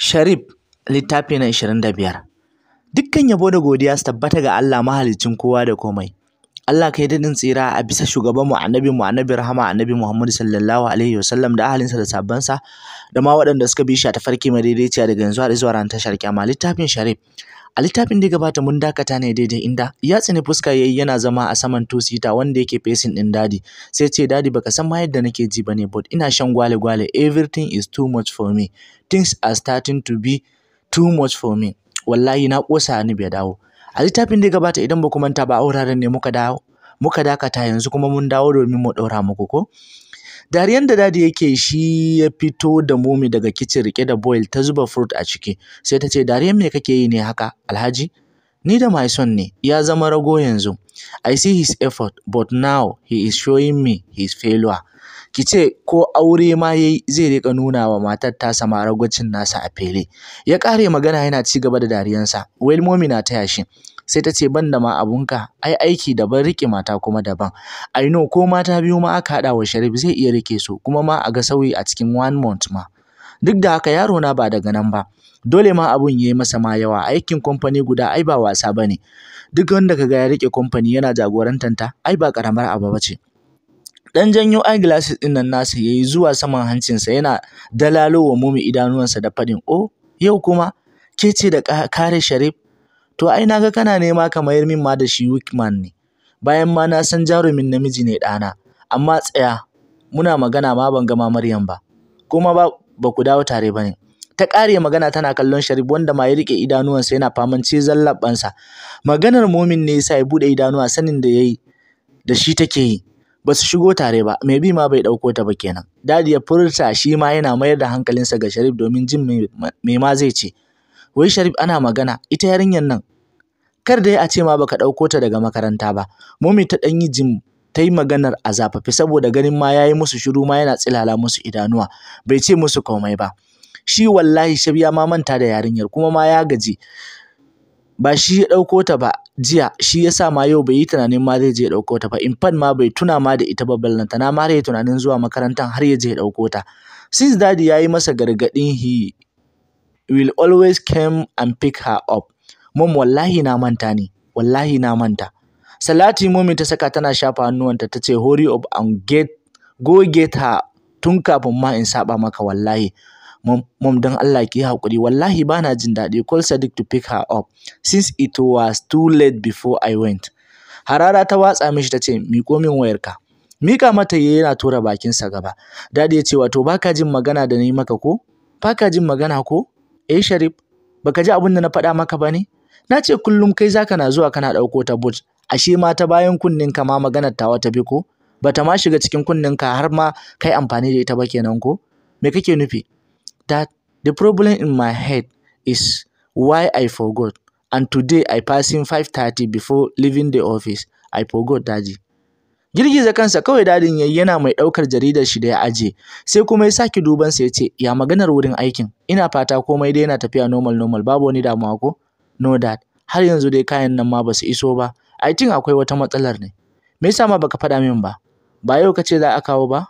Sharif littafi na 25 Dukkan yabo da godiya su tabbata ga Allah mahalicin kowa da komai Allah kai daɗin tsira a bisa shugaban mu annabi mu annabi rahama annabi Muhammad sallallahu alaihi wasallam da ahalinsa da sabbansa da ma waɗanda suka bi shi a tafarki madaidaiciya daga yanzu har zuwa ran tashar kyama littafin Sharif A littafin da gabata mun dakata ne daidai inda ya tsini fuska yayi yana zama a saman tosita wanda yake facing din dadi. Sai ce dadi baka san ma yadda nake ji bane but ina shan gwale gwale everything is too much for me. Things are starting to be too much for me. Wallahi na kosa ni bai dawo. A littafin da gabata idan ba ku manta ba a ne muka dawo muka dakata yanzu kuma mun dawo domin mu daura muku ko? Dariyan da Dadi yake shi ya fito da Momi daga kicin riƙe da boil ta zuba fruit a ciki. Sai ta ce, Dariyan me kake yi ne haka, Alhaji? Ni da my son ne, ya zama rago yanzu. I see his effort, but now he is showing me his failure. Ki ce ko aure ma ya yi zai riƙa nuna wa matar tasa ma ragwacin nasa a fele. Ya ƙare magana yana ci gaba da dariyansa. Well, Momi na taya shi. sai ta ce ban da ma abunka ai aiki daban riƙe mata kuma daban i know ko mata biyu ma aka haɗa wa sharif zai iya rike su kuma ma a ga sauyi a cikin one month ma duk da haka yaro na ba daga nan ba dole ma abun yayi masa ma yawa aikin kamfani guda ai ba wasa bane duk wanda kaga ya rike kamfani yana jagorantanta ai ba karamar abu bace dan janyo eyeglasses din nan nasa yayi zuwa saman hancinsa yana dalalowa mumi idanuwansa da fadin oh yau kuma ke ce da kare sharif To ai na ga kana nema ka mayar min ma da shi Wikman ne, bayan ma na san jarumin namiji ne ɗana. Amma tsaya, muna magana ma ban gama Maryam ba, kuma ba ba ku dawo tare ba ne. Ta ƙare magana tana kallon Sharif wanda ma ya rike idanuwansa yana faman cizon labbansa. Maganar mumin ne yasa ya bude idanuwa sanin da yayi yi da shi take yi. Ba su shigo tare ba, mai bi ma bai dauko ta ba kenan. Dadi ya furta shi ma yana mayar da hankalinsa ga Sharif domin jin me ma zai ce. Wai Sharif ana magana, ita yarinyar nan kar dai a ce ma baka ɗauko ta daga makaranta ba mummy ta ɗan yi jim ta yi maganar a zafafi saboda ganin ma ya yi musu shiru ma yana tsilala musu idanuwa bai ce musu komai ba shi wallahi shab ya ma manta da yarinyar kuma ma ya gaji ba shi ya ɗauko ta ba jiya shi ya sa ma yau bai yi tunanin ma zai je ya ɗauko ta ba in fan ma bai tuna ma da ita ba ballanta na ma yi tunanin zuwa makarantar har ya je ya ɗauko ta since Daddy ya yi masa gargaɗin he will always come and pick her up mom wallahi na manta ne wallahi na manta salati momi ta saka tana shafa hannuwanta ta ce hurry up and get go get her tun kafin ma in saba maka wallahi mom don Allah ki haƙuri wallahi bana jin daɗi call Sadiq to pick her up since it was too late before I went harara ta watsa mishi tace miƙo min wayarka mika mata yayi yana tura bakinsa gaba dadi ya ce wato baka jin magana da ni maka ko baka jin magana ko eh Sharif baka ji abin da na faɗa maka ba ne. Na ce kullum kai zaka na zuwa kana ɗauko ta but, ashe ma ta bayan kunninka ma maganar tawa ta bi ko? Bata ma shiga cikin ka har ma kai amfani da ita ba kenan ko? Me kake nufi? That the problem in my head is why I forgot and today I passing 5:30 before leaving the office. I forgot daddy. girgiza kansa kawai dadin yayi yana mai ɗaukar jaridar shi da ya aje sai kuma ya saki dubansa ya ce ya maganar wurin aikin ina fata komai dai yana tafiya normal normal babu wani damuwa ko no dad har yanzu dai kayan nan ma ba su iso ba i think akwai wata matsalar ne me yasa ma baka faɗa min ba ba yau kace za a kawo ba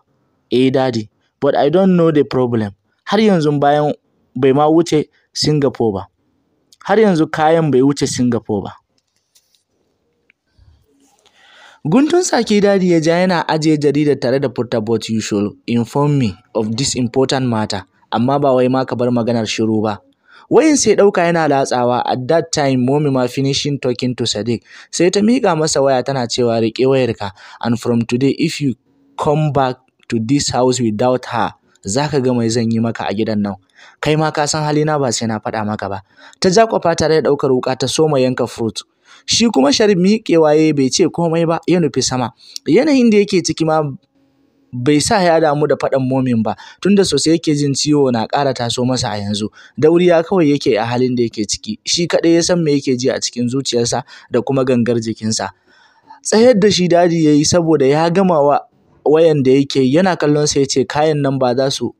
eh daddy but i don't know the problem har yanzu bayan bai ma wuce singapore ba har yanzu kayan bai wuce singapore ba Guntun Saki Dadi ya ja yana ajiye jaridar tare da put about usual inform me of this important matter amma ba wai ma ka bar maganar shiru ba wayin sai ɗauka yana latsawa at that time mommy ma finishing talking to Sadiq sai ta miƙa masa waya tana cewa riƙe wayarka and from today if you come back to this house without her za ka ga mai zan yi maka a gidan nan kai ma ka san halina ba sai na faɗa maka ba ta jakwafa tare da ɗaukar wuƙa ta soma yanka fruit shi kuma sharif miƙewa ya bai ce komai ba ya nufi sama yanayin da yake ciki ma bai sa ya damu da faɗan momin ba tunda sosai yake jin ciwo na ƙara taso masa a yanzu dauriya kawai yake a halin da yake ciki shi kaɗai ya san me yake ji a cikin zuciyarsa da kuma gangar jikinsa tsayar da shi dadi ya yi saboda ya gama wa wayan da yake yana kallon sa ya ce kayan nan ba za su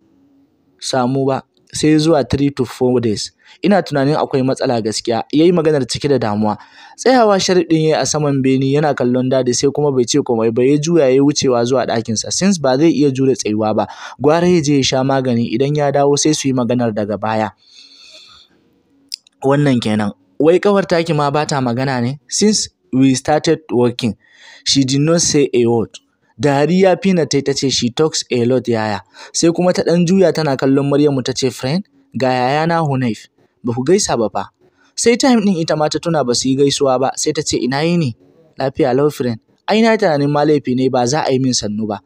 samu ba sai zuwa 3 to 4 days ina tunanin akwai matsala gaskiya yayi maganar cike da damuwa tsayawa ya yayi a saman beni yana kallon dadi sai kuma bai ce komai ba ya juya ya wucewa zuwa ɗakin sa since ba zai iya jure tsayuwa ba gwara ya je ya sha magani idan ya dawo sai su yi maganar daga baya wannan kenan wai kawar taki ma bata magana ne since we started working she did not say a word dariya fina tai ta ce she talks a lot yaya sai kuma ta dan juya tana kallon Maryamu ta ce friend ga yaya na, hunaif ba ku gaisa ba fa. Sai time ɗin ita ma ta tuna ba su yi gaisuwa ba sai ta ce ina yi ne? Lafiya lau friend. Ai na tunanin ma laifi ne ba za a yi min sannu ba.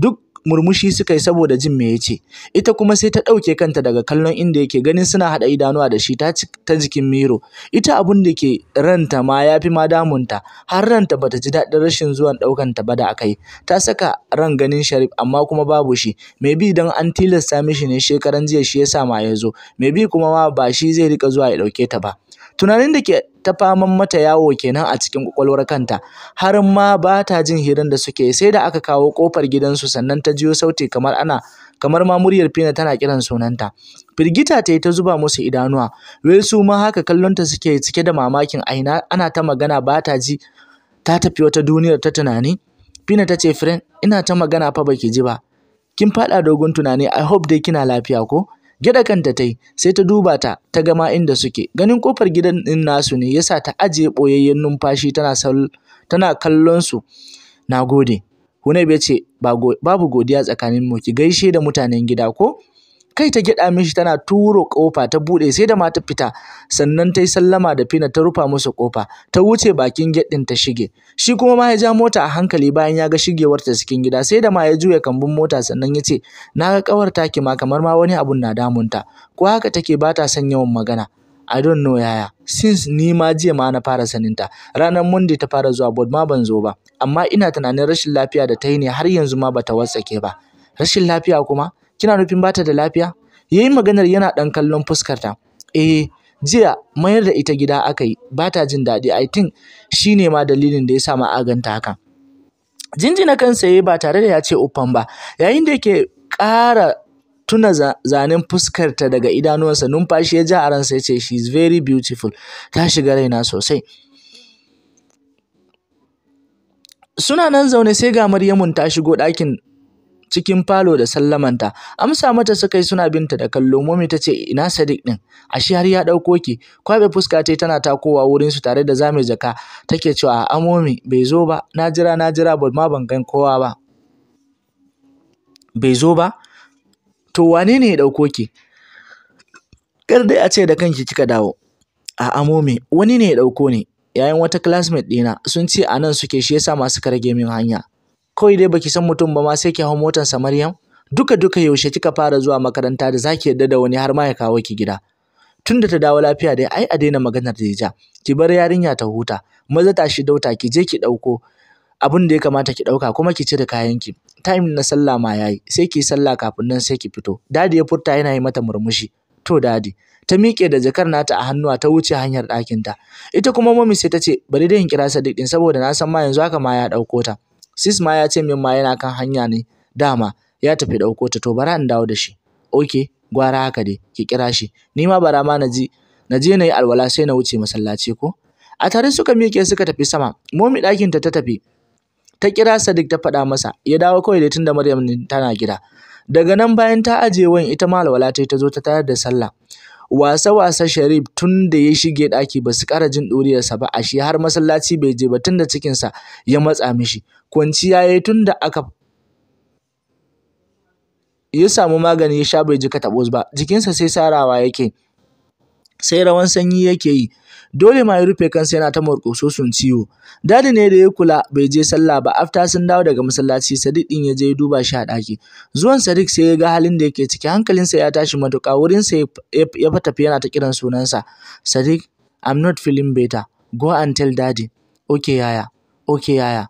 Duk murmushi suka yi saboda jin me yace. ita kuma sai ta ɗauke kanta daga kallon inda yake ganin suna haɗa idanuwa da shi ta jikin miro ita abun da ke ranta ma yafi fi ma damunta har ranta bata ji daɗin rashin zuwan ɗaukan ta ba da aka yi ta saka ran ganin sharif amma kuma babu shi mai bi don an tilasta mishi ne shekaran jiya shi yasa ma ya zo mai bi kuma ma ba shi zai rika zuwa ya ɗauke ta ba tunanin da ke ta faman mata yawo kenan a cikin kwakwalwar kanta har ma ba ta jin hirar da suke sai da aka kawo kofar gidansu sannan ta jiyo sauti kamar ana kamar ma muryar fina tana kiran sunanta firgita ta yi ta zuba musu idanuwa su ma haka kallonta suke cike da mamakin aina ana ta magana ba ta ji ta tafi wata duniyar ta tunani fina ta ce friend ina ta magana fa baki ji ba kin faɗa dogon tunani i hope dai kina lafiya ko Gyaɗa kanta ta sai ta duba ta, ta gama inda suke. Ganin kofar gidan ɗin nasu ne, yasa ta ajiye ɓoyayyen numfashi tana sal tana kallon su. Nagode, gode. Hunayb ya ce, babu godiya tsakaninmu, ki gaishe da mutanen gida ko? kai ta gyaɗa mishi tana turo kofa ta bude sai da mata fita sannan ta yi sallama da fina ta rufa masa kofa, ta wuce bakin gyaɗin ta shige shi kuma ma ya ja mota a hankali bayan ya ga shigewar ta cikin gida sai da ma ya juya kambun mota sannan ya ce na ga ƙawar taki ma kamar ma wani abun na damunta ko haka take ba ta son yawan magana I don't know yaya since ni ma jiya ma na fara sanin ta ranar Monday ta fara zuwa board ma ban zo ba amma ina tunanin rashin lafiya da ta yi ne har yanzu ma bata watsake ba rashin lafiya kuma kina nufin ba ta da lafiya yayi maganar yana ɗan kallon fuskarta eh jiya mayar da ita gida aka yi ba ta jin daɗi i think shine ma dalilin da ya sa maganta haka jinjina kan sai ba tare da ya ce uffan ba yayin da yake ƙara tuna zanen fuskarta daga idanuwansa numfashi ya ja a ransa ya ce she is very beautiful ta shiga raina sosai suna nan zaune sai ga Maryamun ta shigo ɗakin cikin falo da sallamanta amsa mata suka yi suna binta da kallo momi ta ce ina sadiq din ashe har ya dauko ki kwabe fuska ta tana takowa wurin su tare da zame jaka take cewa a momi bai zo ba na jira na jira ba ma ban gan kowa ba bai zo ba to wane ne ya dauko ki kar dai a ce da kanki kika dawo a amomi wani ne ya dauko ni yayin wata classmate dina sun ce a nan suke shi yasa masu rage min hanya kawai dai baki san mutum ba ma sai ki hau sa Maryam duka duka yaushe kika fara zuwa makaranta da zaki yadda da wani har ma ya kawo ki gida tunda ta dawo lafiya dai ai a daina maganar da ja ki bar yarinya ta huta maza tashi dauta ki je ki dauko abin da ya kamata ki dauka kuma ki cire kayan ki time na sallah ma yayi sai ki sallah kafin nan sai ki fito dadi ya furta yana yi mata murmushi to dadi ta miƙe da jakar nata a hannuwa ta wuce hanyar ɗakinta ita kuma mami sai ta ce bari dai in kira sadiq din saboda na san ma yanzu haka ma ya ɗauko ta sis ma ya ce min ma yana kan hanya ne dama ya tafi ɗauko ta to bara in dawo da shi Oke, gwara haka dai ki kira shi ni ma bara ma na naje na yi alwala sai na wuce masallaci ko a tare suka miƙe suka tafi sama momi ɗakinta ta tafi ta kira Sadiq ta faɗa masa ya dawo kawai dai tunda Maryam tana gida daga nan bayan ta ajiye wayan ita ma alwala ta ta zo ta tayar da sallah wasa-wasa Sharif tun da ya shige ɗaki ba su ƙara jin ɗuriyarsa ba ashe har masallaci bai je ba tun da cikinsa ya matsa mishi kwanciya ya yi tun da aka ya samu magani ya sha bai ji katabus ba jikinsa sai sarawa yake sai rawan sanyi yake yi dole ma ya rufe kansa yana ta sun ciwo dadi ne da ya kula bai je sallah ba after sun dawo daga masallaci sadiq din ya je ya duba shi a ɗaki zuwan sadiq sai ya ga halin da yake ciki hankalinsa ya tashi matuƙa wurinsa ya tafi yana ta kiran sunansa sadiq i'm not feeling better go and tell daddy okay yaya okay yaya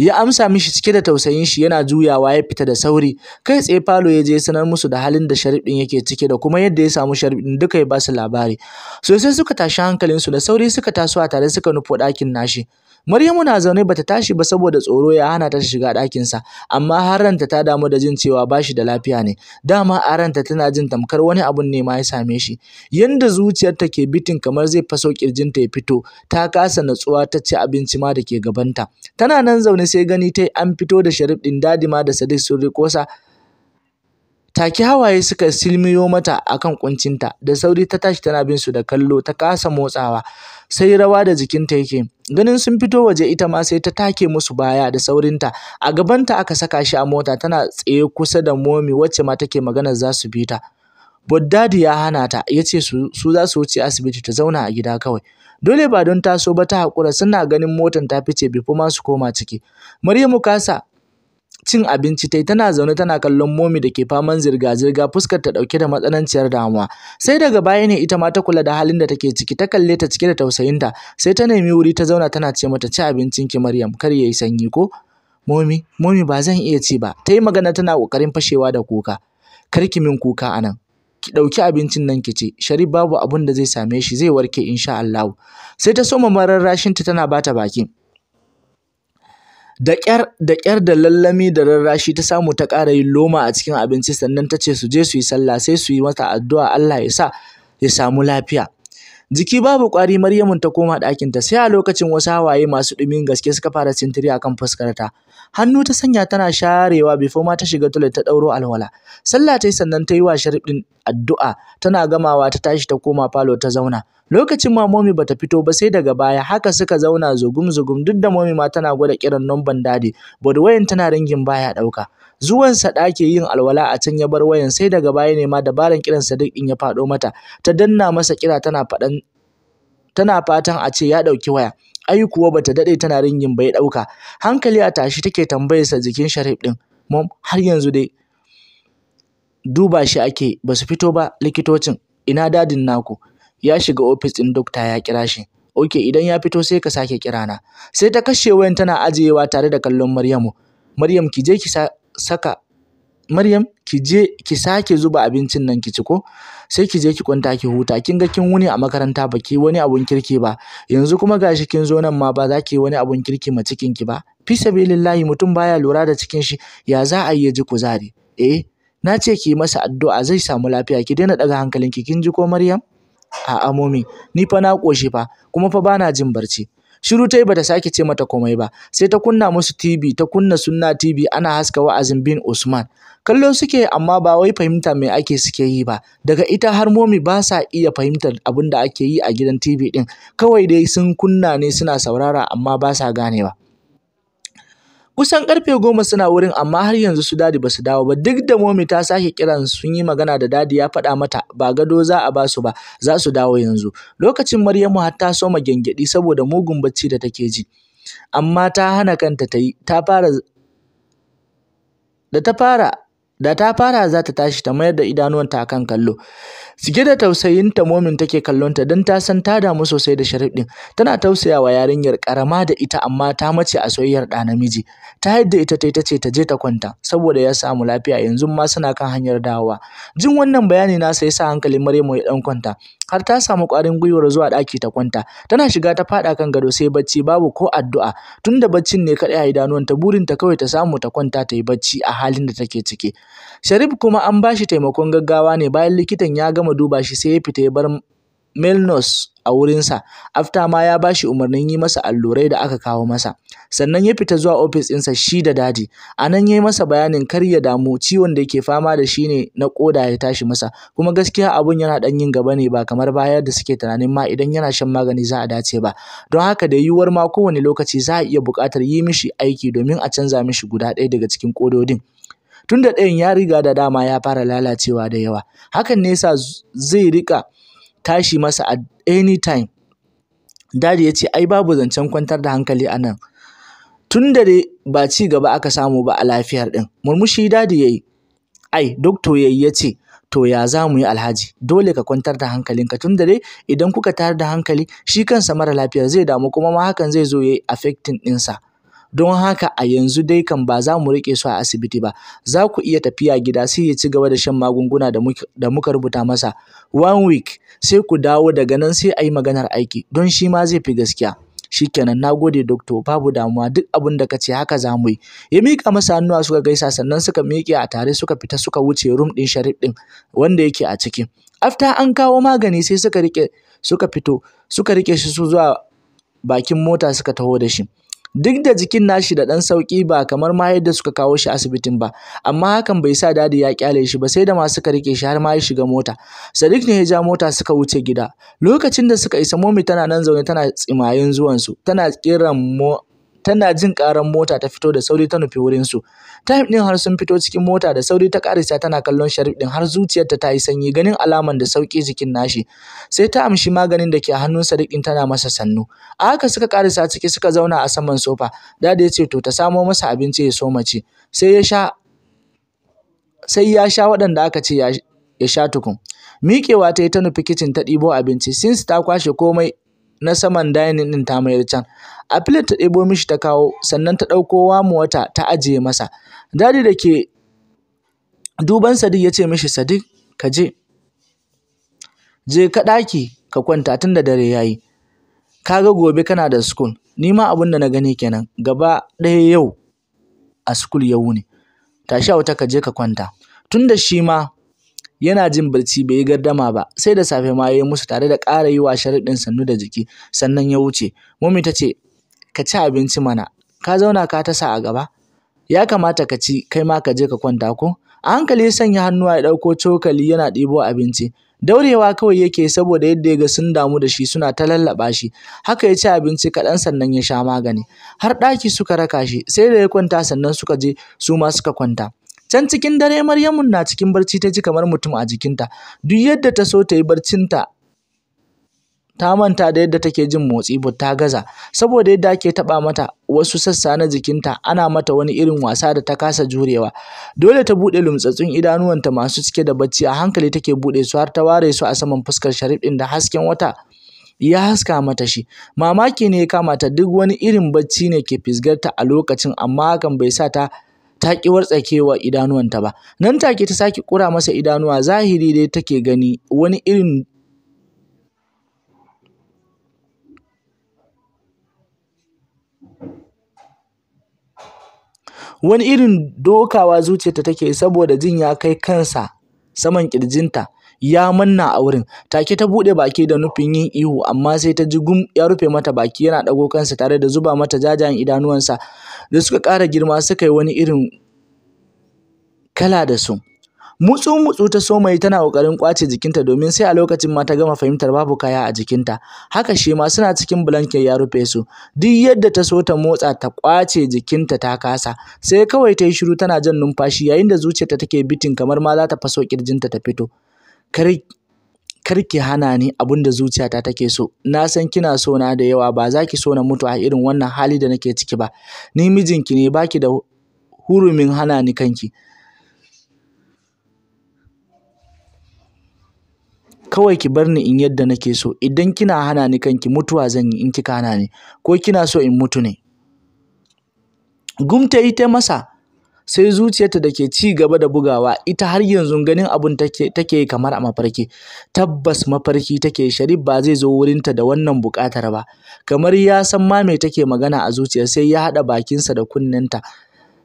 ya amsa mishi cike da tausayin shi yana juyawa ya fita da sauri kai tsaye falo ya je sanar musu da halin da sharif din yake cike da kuma yadda ya samu sharif din duka ya ba su labari sosai suka tashi hankalinsu da sauri suka taso a tare suka nufo ɗakin nashi Maryamu na zaune bata tashi ba saboda tsoro ya hana ta shiga ɗakinsa, amma har ranta ta damu da jin cewa bashi da lafiya ne. Dama a ranta tana jin tamkar wani abun ne ma ya same shi. Yanda zuciyarta ke bitin kamar zai faso ƙirjinta ya fito, ta kasa natsuwa ta ci abinci ma da ke gabanta. Tana nan zaune sai gani ta an fito da Sharif ɗin Dadima da Sadiq sun riƙo sa take hawaye suka silmiyo mata akan kuncinta da sauri ta tashi tana bin su da kallo ta kasa motsawa sai rawa da jikinta yake ganin sun fito waje ita ma sai ta take musu baya da saurinta a gabanta aka saka shi a mota tana tsaye kusa da momi wacce ma take maganar za su bi ta Buddadi ya hana ta ya ce su za su wuce asibiti ta zauna a gida kawai dole ba don taso ba ta haƙura suna ganin motan ta fice bifo ma su koma ciki Maryamu kasa cin abinci tai tana zaune tana kallon momi da ke faman zirga-zirga fuskar ta dauke da matsananciyar damuwa sai daga baya ne ita ma ta kula da halin da take ciki ta kalle ta cike da tausayinta sai ta nemi wuri ta zauna tana ce mata ci abincin ki Maryam kar yayi sanyi ko momi momi ba zan iya ci ba ta yi magana tana kokarin fashewa da kuka kar ki min kuka anan ki ɗauki abincin nan ki ce. sharif babu abin da zai same shi zai warke insha Allah sai ta soma mararrashin ta tana bata baki Da ƙyar da ƙyar da lallami da rarrashi ta samu ta ƙara yin loma a cikin abinci sannan ta ce su je su yi sallah sai su yi mata addu'a Allah ya sa ya samu lafiya. Jiki babu ƙwari Maryamun ta koma ɗakinta sai a lokacin wasu hawaye masu ɗumin gaske suka fara sintiri akan kan fuskarta. hannu ta sanya tana sharewa before ma ta shiga toilet ta ɗauro alwala sallah ta yi sannan ta yi wa sharif ɗin addu'a tana gamawa ta tashi ta koma falo ta zauna lokacin ma momi bata fito ba sai daga baya haka suka zauna zugum zugum duk da momi ma tana gwada kiran numban dadi but wayan tana ringin baya ɗauka zuwansa ɗake yin alwala a can ya bar wayan sai daga baya ne ma dabaran kiran sadiq ɗin ya faɗo mata ta danna masa kira tana faɗan tana fatan a ce ya ɗauki waya ai kuwa bata daɗe tana ringin bai ɗauka hankali a tashi take tambayar sa jikin sharif ɗin mom har yanzu dai duba shi ake basu fito ba likitocin ina dadin naku ya shiga ofis ɗin dokta ya kira shi ok idan ya fito sai ka sake kira na sai ta kashe wayan tana ajiyewa tare da kallon maryamu maryam ki je ki saka maryam ki je ki sake zuba abincin nan ki ci ko sai ki je ki kwanta ki huta kin ga kin wuni a makaranta ba ki wani abun kirki ba yanzu kuma gashi kin zo nan ma ba za ki wani abun kirki ma cikin ki ba fi sabilillahi mutum baya lura da cikin shi ya za a yi ya ji kuzari eh na ce ki masa addu'a zai samu lafiya ki daina daga hankalinki kin ji ko Maryam a'a momi ni fa na koshi fa kuma fa bana jin barci shiru ta bata sake ce mata komai ba sai ta kunna musu tv ta kunna sunna tv ana haska wa'azin bin usman kallo suke amma ba wai fahimta mai ake suke yi ba daga ita har momi ba sa iya fahimtar abin da ake yi a gidan tv din kawai dai sun kunna ne suna saurara amma ba sa ganewa Kusan karfe goma suna wurin amma har yanzu su dadi basu dawo ba duk da momi ta sake kiran sun yi magana da dadi ya faɗa mata ba gado za a ba su ba za su dawo yanzu. Lokacin Maryamu har ta soma gyangyaɗi saboda mugun bacci da take ji. Amma ta hana kanta ta yi ta fara da ta fara da ta fara za ta tashi ta mayar da idanuwanta akan kallo. Sige da tausayin tausayinta momin take kallonta don ta san ta damu sosai da Sharif ɗin. Tana tausayawa yarinyar ƙarama da ita amma ta mace a soyayyar ɗa namiji. Ta yadda ita ta ce ta je ta kwanta saboda ya samu lafiya yanzu ma suna kan hanyar dawowa. Jin wannan bayani na sai sa hankalin Maryamu ya ɗan kwanta. har ta samu ƙwarin gwiwar zuwa ɗaki ta kwanta tana shiga ta faɗa kan gado sai bacci babu ko addu'a tunda baccin ne kaɗai a ta burin ta kawai ta samu ta kwanta ta yi bacci a halin da take ciki Sharif kuma an ba shi taimakon gaggawa ne bayan likitan ya gama duba shi sai ya fita ya bar Milnos a wurinsa, After ma ya bashi umarnin yi masa allurai da aka kawo masa, sannan ya fita zuwa ofis ɗinsa shi da Dadi. A nan ya yi masa bayanin kar ya damu ciwon da yake fama da shi ne na ƙoda ya tashi masa, kuma gaskiya abun yana ɗan yin gaba ne ba kamar baya da suke tunanin ma idan yana shan magani za a dace ba, don haka da yiwuwar ma kowane lokaci za a iya buƙatar yi mishi aiki domin a canza mishi guda ɗaya daga cikin ƙododin. Tunda ɗayan ya riga da dama ya fara lalacewa da yawa, hakan ne yasa zai riƙa tashi masa a any time dadi ya ce ai babu zancen kwantar da hankali a nan tun da dai ba ci gaba aka samu ba a lafiyar ɗin murmushi dadi ya yi ai dokto ya yi ya ce to ya za mu yi alhaji dole ka kwantar da hankalinka tun da dai idan kuka tayar da hankali shi kansa mara lafiyar zai damu kuma ma hakan zai zo ya yi affecting ɗinsa Don haka a yanzu dai kan ba za mu riƙe su a asibiti ba, za ku iya tafiya gida sai ya ci gaba da shan magunguna da muka rubuta masa. One week sai ku dawo daga nan sai a yi maganar aiki, don shi ma zai fi gaskiya. Shi kenan, na gode doctor, babu damuwa duk abin da ka ce haka za mu yi. Ya mika masa hannuwa suka gaisa sannan suka miƙe a tare suka fita suka wuce room ɗin Sharif ɗin wanda yake a ciki. After an kawo magani sai suka riƙe suka fito suka riƙe shi su zuwa bakin mota suka taho da shi. Duk da jikin nashi da ɗan sauƙi ba kamar ma yadda suka kawo shi asibitin ba, amma hakan bai sa dadi ya kyale shi ba sai da ma suka rike shi har ma ya shiga mota. Sadiq ne ya ja mota suka wuce gida. Lokacin da suka isa Momi tana nan zaune tana tsimayin zuwan su tana kiran mo tana jin ƙaran mota ta fito da sauri ta nufi wurin su Tahim ɗin har sun fito cikin mota da sauri ta karisa tana kallon Sharif ɗin har zuciyarta ta yi sanyi ganin alaman da sauki jikin nashi. Sai ta amshi maganin da ke hannun Sadiq tana masa sannu. A haka suka karisa ciki suka zauna a saman sofa. Dada ya ce to ta samo masa abinci ya so mace. Sai ya sha sai ya sha waɗanda aka ce ya sha tukun. Miƙewa ta yi ta nufi kicin ta ɗibo abinci, since ta kwashe komai na saman dining ɗin ta mayar can. a filet ta ɗebo mishi ta kawo sannan ta ɗauko wamu wata ta ajiye masa dadi da ke duban sadiq ya ce mishi sadiq ka je je ka ɗaki ka kwanta tun da dare ya yi ka ga gobe kana da school ni ma abin da na gani kenan gaba ɗaya yau a school ya wuni tashi wata ka je ka kwanta tun da shi ma yana jin barci bai yi gardama ba sai da safe ma ya yi musu tare da ƙara yi wa sharaɗin sannu da jiki sannan ya wuce mummy ta ce ka ci abinci mana ka zauna ka tasa a gaba ya kamata ka ci kai ma ka je ka kwanta ko a hankali ya sanya hannuwa ya ɗauko cokali yana ɗibo abinci daurewa kawai yake saboda yadda ya ga sun damu da shi suna ta lallaɓa shi haka ya ci abinci kaɗan sannan ya sha magani har ɗaki suka raka shi sai da ya kwanta sannan suka je su ma suka kwanta can cikin dare maryamun na cikin barci ta ji kamar mutum a jikinta duk yadda ta so ta yi barcinta ta manta da yadda take jin motsi ba ta gaza saboda yadda ake taba mata wasu sassa na jikinta ana mata wani irin wasa da ta kasa jurewa dole ta buɗe lumtsatsun idanuwanta masu cike da bacci a hankali take buɗe su har ta ware su a saman fuskar sharif din da hasken wata ya haska mata shi mamaki ne ya kama ta duk wani irin bacci ne ke fisgarta a lokacin amma hakan bai sa ta ta ki wartsakewa idanuwanta ba nan take ta sake kura masa idanuwa zahiri dai take gani wani irin Wani irin dokawa zuciyarta take saboda jin ya kai kansa saman ƙirjinta, ya manna a wurin. Take ta buɗe baki da nufin yin ihu, amma sai ta ji gum ya rufe mata baki yana ɗago kansa tare da zuba mata jajayen idanuwansa da suka ƙara girma suka yi wani irin kala da su. mutsu-mutsu ta mai tana kokarin kwace jikinta domin sai a lokacin ma ta gama fahimtar babu kaya a jikinta haka shi ma suna cikin blanket ya rufe su duk yadda ta so ta motsa ta kwace jikinta ta kasa sai kawai ta yi shiru tana jan numfashi yayin da zuciyarta take bitin kamar ma za ta faso kirjinta ta fito kar ki hana ni abin da zuciyata take so na san kina so na da yawa ba za ki so na mutu a irin wannan hali da nake ciki ba ni mijinki ne baki da hurumin hana ni kanki kawai ki bar ni in yadda nake so idan kina hana ni kanki mutuwa zan yi in kika hana ni ko kina so in mutu ne gumta yi ta masa sai zuciyarta da ke ci gaba da bugawa ita har yanzu ganin abun take yi kamar a mafarki tabbas mafarki take sharif ba zai zo wurinta da wannan bukatar ba kamar ya san ma me take magana a zuciya sai ya haɗa bakinsa da kunnenta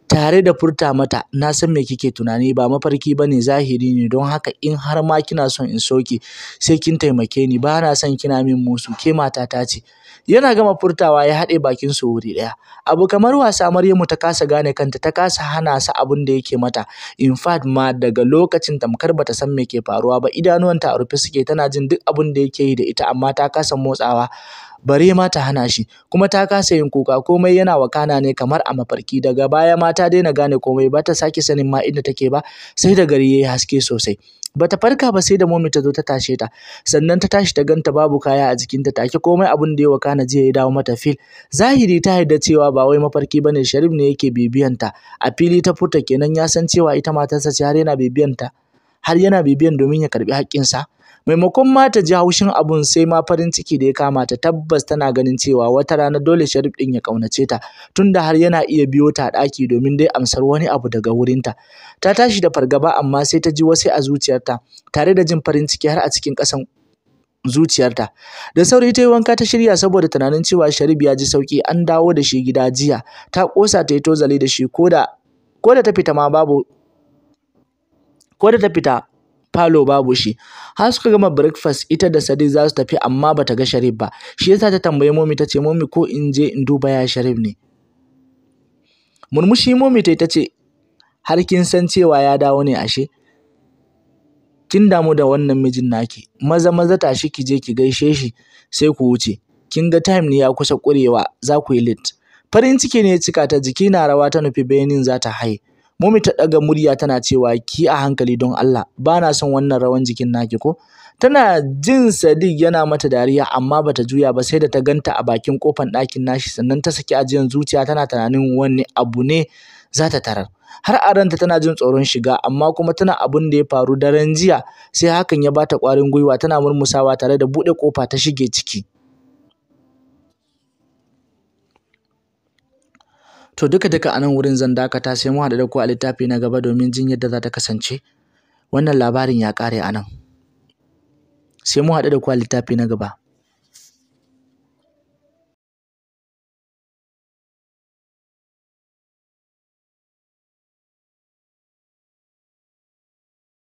tare da furta mata na san me kike tunani ba mafarki ba ne zahiri ne don haka in har ma kina son in soke sai kin taimake ni ba na son kina min musu ke mata ta ce yana gama furtawa ya haɗe bakin su wuri ɗaya abu kamar wasa Maryamu ta kasa gane kanta ta kasa hana sa abin da yake mata in fact ma daga lokacin tamkar bata san me ke faruwa ba idanuwanta a rufe suke tana jin duk abin da yake yi da ita amma ta kasa motsawa bare ma ta hana shi kuma ta kasa yin kuka komai yana wakana ne kamar a mafarki daga baya ma ta daina gane komai ba ta sake sanin ma inda take ba sai da gari ya yi haske sosai bata farka ba sai da momi ta zo ta tashe ta sannan ta tashi ta ganta babu kaya a jikinta ta take komai abin da ya wakana jiya ya dawo mata fil zahiri ta yarda cewa ba wai mafarki bane sharif ne yake bibiyanta a fili ta furta kenan ya san cewa ita matarsa ce har yana bibiyanta har yana bibiyan domin ya karbi haƙƙinsa maimakon ma ta ji haushin abun sai ma farin ciki da ya kama ta tabbas tana ganin cewa wata rana dole Sharif din ya ƙaunace ta tunda har yana iya biyo ta ɗaki domin dai amsar wani abu daga wurinta ta tashi da fargaba amma sai ta ji wasu a zuciyarta tare da jin farin ciki har a cikin ƙasan zuciyarta da sauri ta yi wanka ta shirya saboda tunanin cewa Sharif ya ji sauki an dawo da shi gida jiya ta kosa ta yi tozali da shi Ko da ta fita ma babu ko da ta fita falo babu shi har suka gama breakfast ita da Sadiq za su tafi amma bata ga Sharif ba shi yasa ta tambaye momi ta ce momi ko in je in duba ya Sharif ne murmushi momi ta ce har kin san cewa ya dawo ne ashe kin damu da wannan mijin naki maza maza tashi ki je ki gaishe shi sai ku wuce kin ga time ne ya kusa kurewa za ku yi late farin ciki ne ya cika ta jiki na rawa ta nufi benin za ta haye Momi ta ɗaga murya tana cewa ki a hankali don Allah ba na son wannan rawan jikin naki ko. Tana jin Sadiq yana mata dariya amma bata juya ba sai da ta ganta a bakin kofan ɗakin nashi sannan ta saki ajiyan zuciya tana tunanin wani abu ne za ta tarar. Har a ranta tana jin tsoron shiga amma kuma tana abun da ya faru daren jiya sai hakan ya bata kwarin gwiwa tana murmusawa tare da buɗe kofa ta shige ciki. to duka duka anan wurin zan dakata sai mu haɗu da ku a littafi na gaba domin jin yadda za ta kasance wannan labarin ya kare a nan sai mu haɗu da ku a littafi na gaba